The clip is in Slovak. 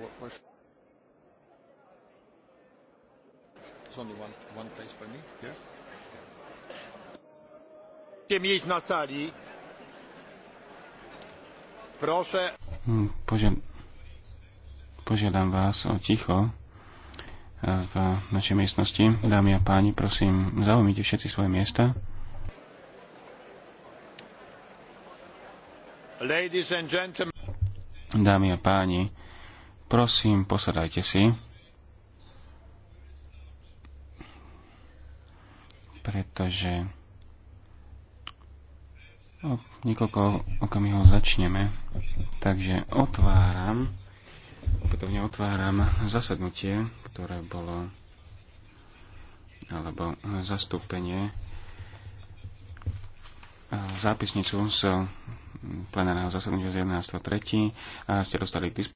What, There's only one, one place for me here. miejsc na sali. Proszę. Hmm, požiadam, požiadam vás o ticho e, v našej miestnosti. Dámy a páni, prosím, zaujmite všetci svoje miesta. Dámy a páni, Prosím, posadajte si. Pretože o niekoľko okamihov začneme. Takže otváram, potovne otváram zasadnutie, ktoré bolo alebo zastúpenie e, zápisnicu z plenárneho zasadnutia z 11.3. Ste dostali k